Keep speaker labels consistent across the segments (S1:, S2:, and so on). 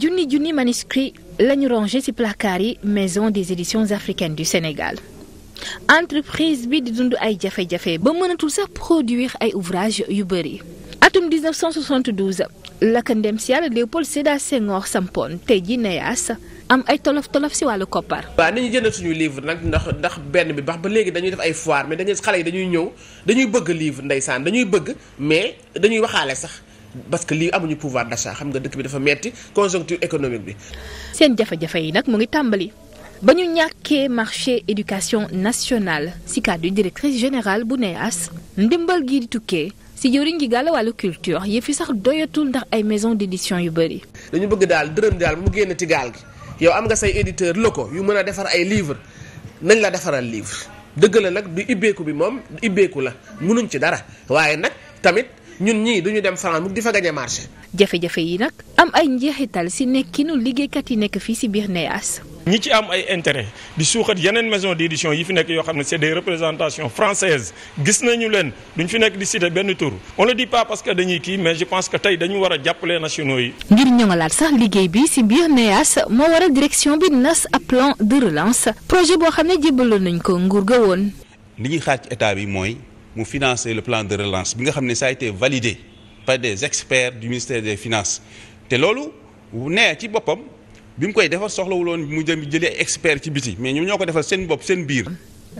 S1: junni junni manuscrit lañu rangé ci placard yi maison des éditions africaines du Sénégal entreprise bi di dund ay jafe-jafe ba mënatul sax produire ay ouvrage yu bëri. atum 1972 la ko ndem si yàlla Léopold Sédar Senghor sampoon tey ji Neyas am ay tolof tolof si wàllu koppar.
S2: waaw nañu jënd suñu livre nag ndax ndax benn bi bax ba léegi dañuy def ay foire mais dañuy xale yi dañuy ñëw dañuy bëgg livre ndeysaan dañuy bëgg mais dañuy waxaale sax. parce que lii amuñu pouvoir d'achat xam nga dëkk bi dafa metti conjoncture économique bi.
S1: seen jafe-jafe yi nag mu ngi tàmbali ba ñu ñàkkee marché éducation nationale si kàddu directrice générale bu NEAS ndimbal gii di tukkee. si jëwriñ gi gàll wàllu culture yëf yi sax doyatul ndax ay maison d'édition yu bëri.
S2: dañu bëgg daal dërëm daal mu génn ci gaal gi yow am nga say la ko yu mën a defar ay livre nañ la defaral livre dëgg la nag du ibbeeku bi moom ibbeeku la munuñ ci dara waaye nag tamit ñun ñii du dem France mu di fa gañe marché.
S1: jafe-jafe yi nag am ay njeexital si nekkinu liggéeykat yi nekk fii si biir NEAS.
S2: ñi ci am ay intérêt di suuxat yeneen maison d' yi fi nekk yoo xam ne c' est des représentations gis nañu leen duñ fi nekk di cité benn tour on le dit pas parce que dañuy kii mais je pense que tey dañu war a jàppale nationaux yi.
S1: ngir ñoŋalaat sax liggéey bi si biir NEAS moo waral direction bi nas ab de relance projet boo xam ne jébbaloon nañ ko nguur woon.
S3: li ñuy xaar ci état bi mooy. mu financer le plan de relance bi nga xam ne ça a été validé par des experts du ministère des finance te loolu nee ci boppam bi mu koy defar soxlawuloon mu jëm jëlee experts ci biti mais ñoom ñoo ko defal seen bopp seen
S1: biir.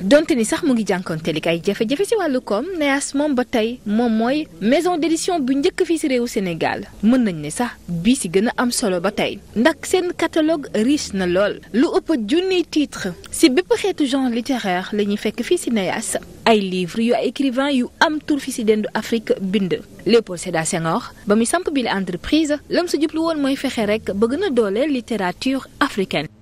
S1: donte ni sax mu ngi jànkoonte li kay jafe-jafe si wàllu koom NEAS moom ba tey moom mooy maison d'édition bu njëkk fii si réewu Sénégal mën nañ ne sax bii si gën a am solo ba tey ndax seen catalogue riche na lool lu ëpp junniy titre si bépp xeetu genre littéraire la ñuy fekk fii si NEAS ay livres yu ay écrivain yu am tur fi si dendu Afrique bind Léopold Sédar Senghor ba muy samp bi la entreprise lam sa jublu woon mooy fexe rek bëgg na dooleel littérature africaine